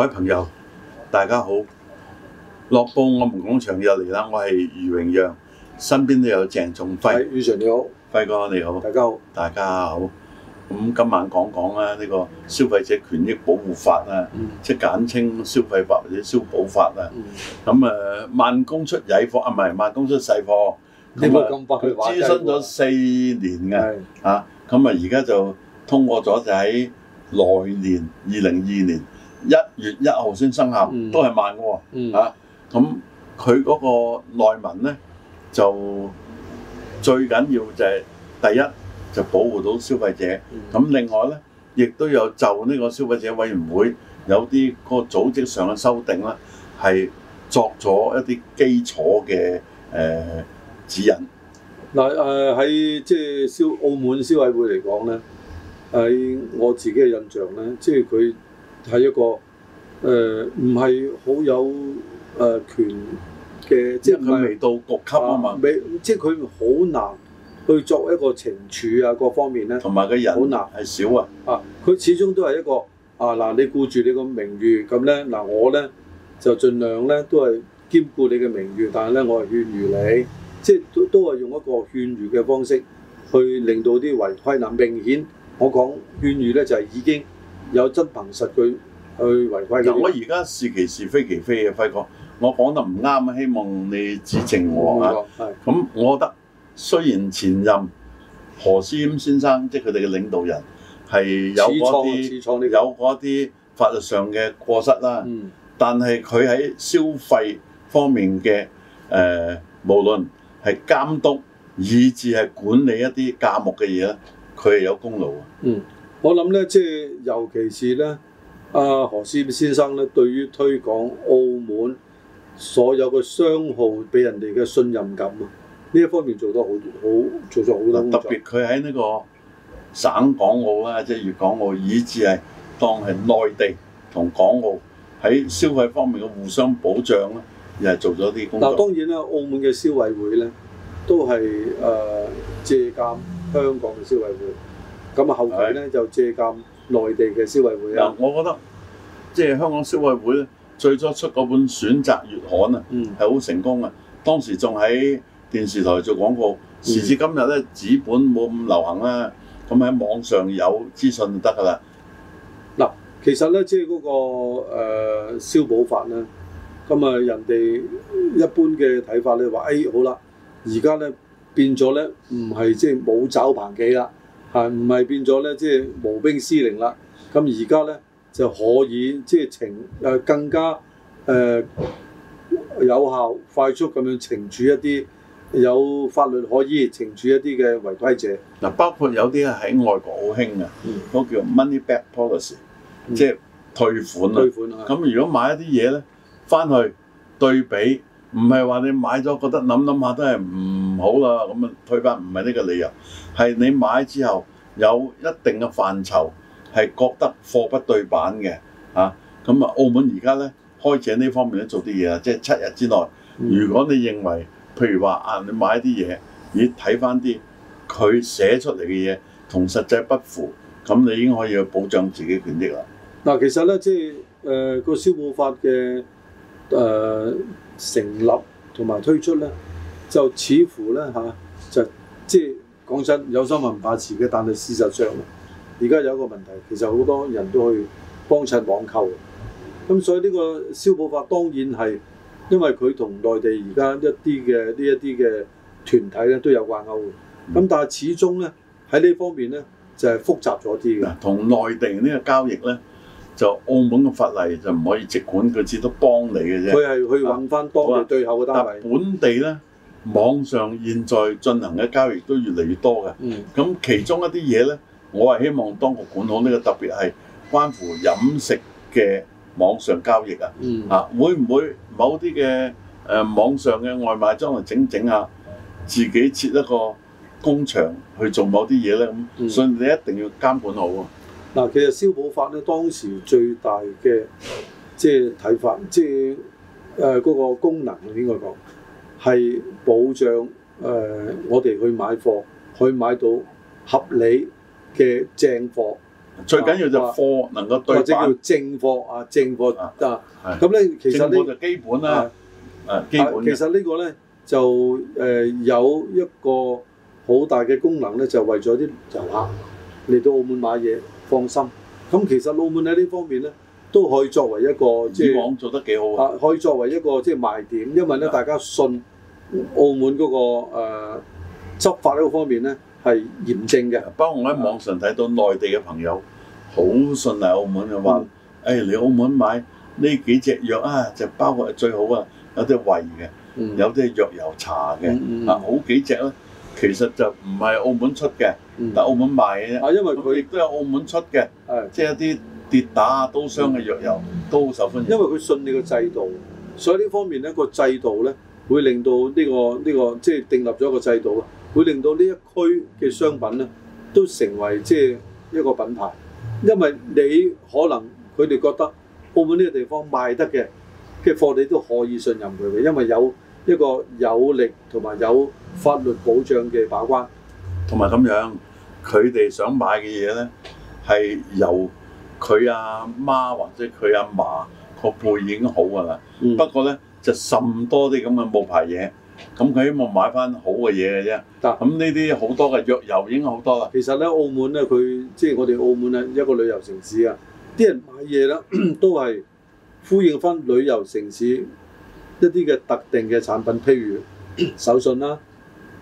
各位朋友，大家好。樂報，我們講場又嚟啦。我係余榮陽，身邊都有鄭仲輝。余 Sir 你好，輝哥你好，大家好，大家好。咁今晚講講啦，呢個消費者權益保護法啦，即係簡稱消費法或者消保法啦。咁啊，慢工出曳貨啊，唔係慢工出細貨。你冇咁快去玩啫。諮詢咗四年嘅，啊，咁啊，而家就通過咗就喺來年二零二二年一月一號先生效，嗯、都係慢喎嚇。咁佢嗰個內文咧，就最緊要就係第一就保護到消費者。咁、嗯、另外咧，亦都有就呢個消費者委員會有啲嗰個組織上嘅修訂啦，係作咗一啲基礎嘅誒指引。嗱誒喺即係消澳門消委會嚟講咧，喺我自己嘅印象咧，即係佢。係一個誒，唔係好有誒、呃、權嘅，即係佢未到局級啊嘛，未即係佢好難去作一個懲處啊，各方面咧，同埋個人好難係少啊，啊。啊，佢始終都係一個啊嗱，你顧住你個名譽咁咧，嗱我咧就盡量咧都係兼顧你嘅名譽，但係咧我係勸喻你，即係都都係用一個勸喻嘅方式去令到啲違規。嗱、啊、明顯，我講勸喻咧就係、是、已經。有真憑實據去違規嘅。嗱，我而家是其是非其非嘅，啊。輝哥。我講得唔啱，希望你指正我啊。咁、嗯，我覺得雖然前任何思謙先生即係佢哋嘅領導人係有嗰啲，這個，有啲法律上嘅過失啦，啊、嗯、但係佢喺消費方面嘅誒、呃，無論係監督以至係管理一啲價目嘅嘢咧，佢係有功勞啊。嗯。我諗咧，即係尤其是咧，阿、啊、何思先生咧，對於推廣澳門所有嘅商號俾人哋嘅信任感啊，呢一方面做得好，好做咗好多工作。特別佢喺呢個省港澳啦，即係粵港澳，以至係當係內地同港澳喺消費方面嘅互相保障咧，又係做咗啲工作。嗱、啊，當然啦，澳門嘅消委會咧，都係誒、呃、借鑑香港嘅消委會。咁啊後期咧的就借鑑內地嘅消委會啊，我覺得即係、就是、香港消委會咧，最初出嗰本選擇月刊啊，係好、嗯、成功啊。當時仲喺電視台做廣告，時至今日咧，紙本冇咁流行啦、啊，咁喺網上有資訊就得㗎啦。嗱，其實咧即係嗰、那個、呃、消保法咧，咁啊人哋一般嘅睇法咧話，誒、哎、好啦，而家咧變咗咧唔係即係冇找棚企啦。係唔係變咗咧，即係無兵司令啦。咁而家咧就可以即係懲誒更加誒、呃、有效快速咁樣懲處一啲有法律可以懲處一啲嘅違規者。嗱，包括有啲喺外國好興嘅，嗰、嗯、叫 money back policy、嗯、即係退款退款啊！咁如果買一啲嘢咧，翻去對比。唔係話你買咗覺得諗諗下都係唔好啦，咁啊退翻唔係呢個理由，係你買之後有一定嘅範疇係覺得貨不對版嘅嚇，咁啊、嗯、澳門而家咧開始呢方面咧做啲嘢啦，即係七日之內，如果你認為譬如話啊，你買啲嘢而睇翻啲佢寫出嚟嘅嘢同實際不符，咁、嗯、你已經可以去保障自己權益啦。嗱，其實咧即係誒個消保法嘅誒。呃成立同埋推出呢，就似乎呢吓、啊，就即係講真有心文化事嘅，但係事實上，而家有一個問題，其實好多人都去幫襯網購嘅。咁、嗯、所以呢個消保法當然係因為佢同內地而家一啲嘅呢一啲嘅團體呢都有掛鈎，嘅、嗯。咁但係始終呢，喺呢方面呢，就係、是、複雜咗啲嘅，同內地呢個交易呢。就澳門嘅法例就唔可以直管，佢只都幫你嘅啫。佢係去揾翻當你最後嘅單位。但本地咧，網上現在進行嘅交易都越嚟越多嘅。咁、嗯、其中一啲嘢咧，我係希望當局管好呢、呢個，特別係關乎飲食嘅網上交易啊。嗯、啊，會唔會某啲嘅誒網上嘅外賣將來整整啊，自己設一個工場去做某啲嘢咧？咁、嗯、所以你一定要監管好啊！嗱，其實消保法咧當時最大嘅即係睇法，即係誒嗰個功能應該講係保障誒、呃、我哋去買貨去買到合理嘅正貨，最緊要就貨能夠對或者叫正貨啊，正貨啊，咁咧其實咧正貨就基本啦，誒、啊啊，其實個呢個咧就誒、呃、有一個好大嘅功能咧，就是、為咗啲遊客嚟到澳門買嘢。放心，咁其實澳門喺呢方面咧，都可以作為一個即係，網做得幾好啊！可以作為一個即係、就是、賣點，因為咧的大家信澳門嗰、那個誒、呃、執法呢個方面咧係嚴正嘅。包括我喺網上睇到內地嘅朋友好的信賴澳門，就話誒嚟澳門買呢幾隻藥啊，就是、包括誒最好啊，有啲胃嘅，嗯、有啲藥油茶嘅，啊好幾隻啦。其實就唔係澳門出嘅，但係澳門賣嘅啫。係因為佢亦都有澳門出嘅，即係一啲跌打啊、刀傷嘅藥油都受歡迎。因為佢信你個制度，所以呢方面呢個制度呢會令到呢個呢個即係訂立咗一個制度啦，會令到呢一區嘅商品呢都成為即係一個品牌。因為你可能佢哋覺得澳門呢個地方賣得嘅嘅貨，你都可以信任佢嘅，因為有一個有力同埋有。法律保障嘅把關同埋咁樣，佢哋想買嘅嘢咧，係由佢阿媽或者佢阿嫲個背影好㗎啦。嗯、不過咧，就甚多啲咁嘅冒牌嘢，咁佢希望買翻好嘅嘢嘅啫。咁呢啲好多嘅藥油已經好多啦。其實咧，澳門咧，佢即係我哋澳門啊，一個旅遊城市啊，啲人買嘢咧都係呼應翻旅遊城市一啲嘅特定嘅產品，譬如咳咳手信啦。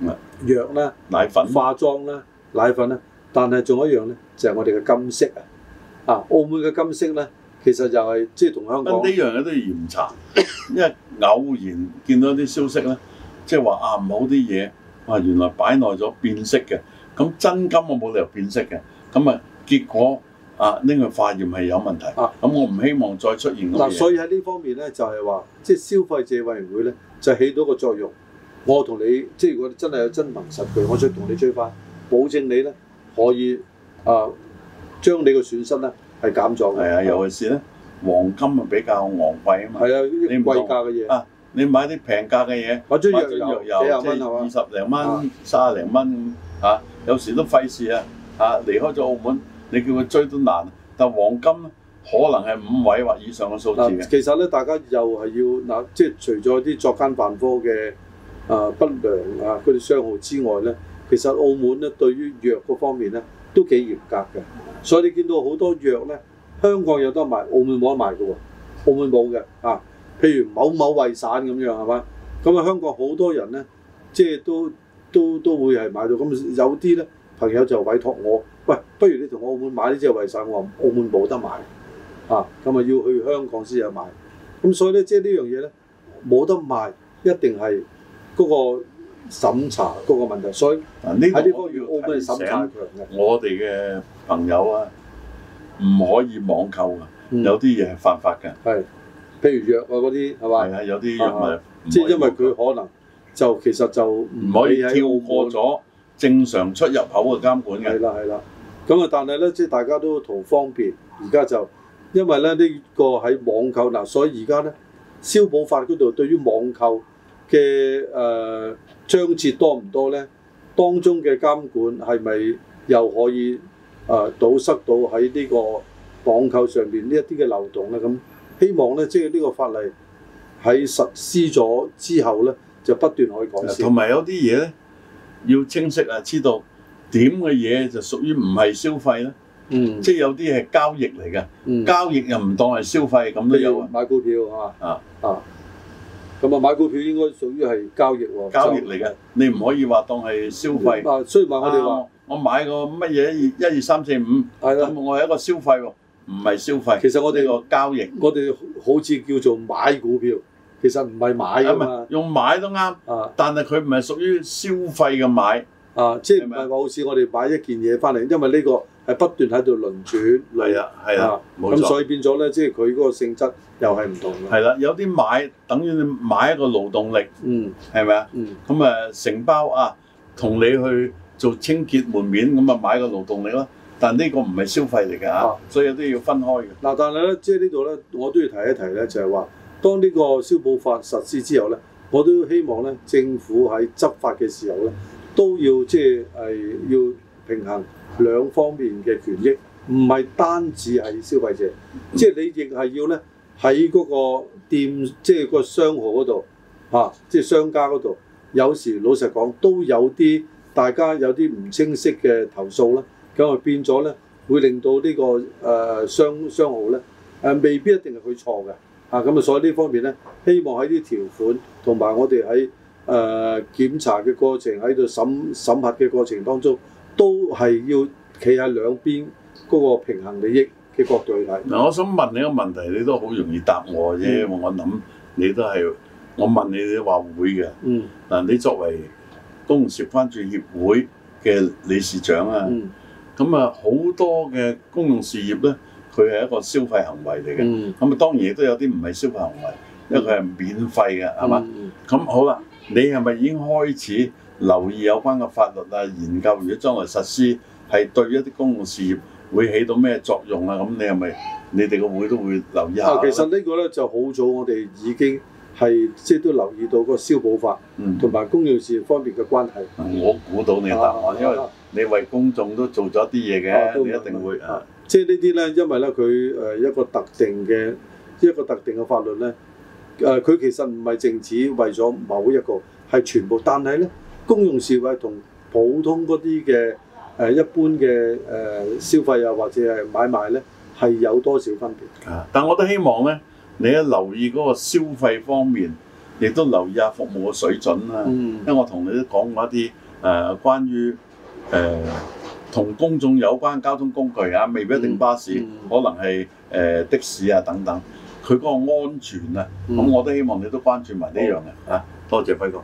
啊，藥啦粉、奶粉、化妝啦、奶粉啦，但係仲有一樣咧，就係我哋嘅金飾。啊！啊，澳門嘅金飾咧，其實就係即係同香港呢樣嘢都要嚴查，因為偶然見到啲消息咧，即係話啊唔好啲嘢啊原來擺耐咗變色嘅，咁真金我冇理由變色嘅，咁啊結果啊拎去化驗係有問題，咁、啊、我唔希望再出現、啊、所以喺呢方面咧就係、是、話，即、就、係、是、消費者委員會咧就起到個作用。我同你即係，如果你真係有真憑實據，我想同你追翻，保證你咧可以啊，將你個損失咧係減咗嘅。係啊，尤其是咧，黃金啊比較昂貴啊嘛。係啊，啲貴價嘅嘢啊，你買啲平價嘅嘢，買樽藥油幾廿蚊係嘛，二十零蚊、卅零蚊嚇，有時都費事啊嚇！離開咗澳門，你叫佢追都難。但係黃金可能係五位或以上嘅數字嘅，呃。其實咧，大家又係要嗱，即係除咗啲作奸犯科嘅。啊不良啊嗰啲商號之外咧，其實澳門咧對於藥嗰方面咧都幾嚴格嘅，所以你見到好多藥咧，香港有得賣，澳門冇得賣㗎喎，澳門冇嘅啊，譬如某某胃散咁樣係咪？咁啊香港好多人咧，即係都都都會係買到，咁有啲咧朋友就委託我，喂，不如你同我澳門買呢隻胃散，我話澳門冇得賣，啊，咁啊要去香港先有賣，咁所以咧即係呢樣嘢咧冇得賣，一定係。嗰個審查嗰個問題，所以喺呢方面我覺得審查強嘅。我哋嘅朋友啊，唔可以網購啊，有啲嘢係犯法㗎。係，譬如藥啊嗰啲係嘛？係啊，有啲藥物即係因為佢可能就其實就唔可，可以跳過咗正常出入口嘅監管嘅。係啦係啦，咁啊但係咧，即係大家都圖方便，而家就因為咧呢、呢個喺網購嗱、啊，所以而家咧消保法嗰度對於網購嘅誒章節多唔多咧？當中嘅監管係咪又可以誒、呃、堵塞到喺呢個網購上邊呢一啲嘅漏洞咧？咁希望咧，即係呢個法例喺實施咗之後咧，就不斷可以改善。同埋有啲嘢咧要清晰啊，知道點嘅嘢就屬於唔係消費咧。嗯，即係有啲係交易嚟嘅，嗯、交易又唔當係消費，咁都有啊。買股票啊！啊啊！啊啊。咁啊，買股票應該屬於係交易喎，交易嚟嘅，你唔可以話當係消費。啊，雖然話我哋話我買個乜嘢一二三四五，係啦，我係一個消費喎，唔係消費。其實我哋個交易，我哋好似叫做買股票，其實唔係買啊，用買都啱啊，但係佢唔係屬於消費嘅買啊，即係唔係話好似我哋買一件嘢翻嚟，因為呢個。係不斷喺度輪轉嚟啦，係啊，冇錯。咁所以變咗咧，即係佢嗰個性質又係唔同嘅。係啦，有啲買等於你買一個勞動力，嗯，係咪啊？嗯，咁誒承包啊，同你去做清潔門面，咁啊買個勞動力咯。但呢個唔係消費嚟㗎嚇，啊，所以都要分開嘅。嗱，啊，但係咧，即係呢度咧，我都要提一提咧，就係話，當呢個消保法實施之後咧，我都希望咧，政府喺執法嘅時候咧，都要即係係要平衡，平衡兩方面嘅權益，唔係單止係消費者，即係你亦係要呢喺嗰個店，即係個商號嗰度，嚇、啊，即係商家嗰度，有時老實講都有啲大家有啲唔清晰嘅投訴啦，咁啊變咗呢，會令到、這個呃、商商呢個誒雙商號呢誒未必一定係佢錯嘅，嚇咁啊，所以呢方面呢，希望喺啲條款同埋我哋喺誒檢查嘅過程喺度審審核嘅過程當中。都係要企喺兩邊嗰個平衡利益嘅角度去睇。嗱，我想問你一個問題，你都好容易答我啫。嗯、我諗你都係我問你，你話會嘅。嗱、嗯，你作為公用事業關注協會嘅理事長啊，咁啊好多嘅公用事業咧，佢係一個消費行為嚟嘅。咁啊、嗯、當然亦都有啲唔係消費行為，因為佢係免費嘅，係嘛、嗯？咁吧、嗯、好啦，你係咪已經開始？留意有關嘅法律啊，研究如果將來實施係對一啲公共事業會起到咩作用啊？咁你係咪你哋個會都會留意下、啊？其實個呢個咧就好早，我哋已經係即係都留意到個消保法同埋、嗯、公共事業方面嘅關係、嗯。我估到你答案，啊、因為你為公眾都做咗啲嘢嘅，啊、你一定會啊。啊即係呢啲咧，因為咧佢誒一個特定嘅一個特定嘅法律咧，誒、呃、佢其實唔係淨止為咗某、某一個係全部，但係咧。公用事費同普通嗰啲嘅誒一般嘅誒、呃、消費啊，或者係買賣咧，係有多少分別？啊！但我都希望咧，你一留意嗰個消費方面，亦都留意下服務嘅水準啦、啊。嗯、因為我同你都講過一啲誒、呃、關於誒同公眾有關交通工具啊，未必一定巴士，嗯嗯、可能係誒、呃、的士啊等等，佢嗰個安全啊，咁、嗯、我都希望你都關注埋呢樣嘅嚇。好多謝輝哥。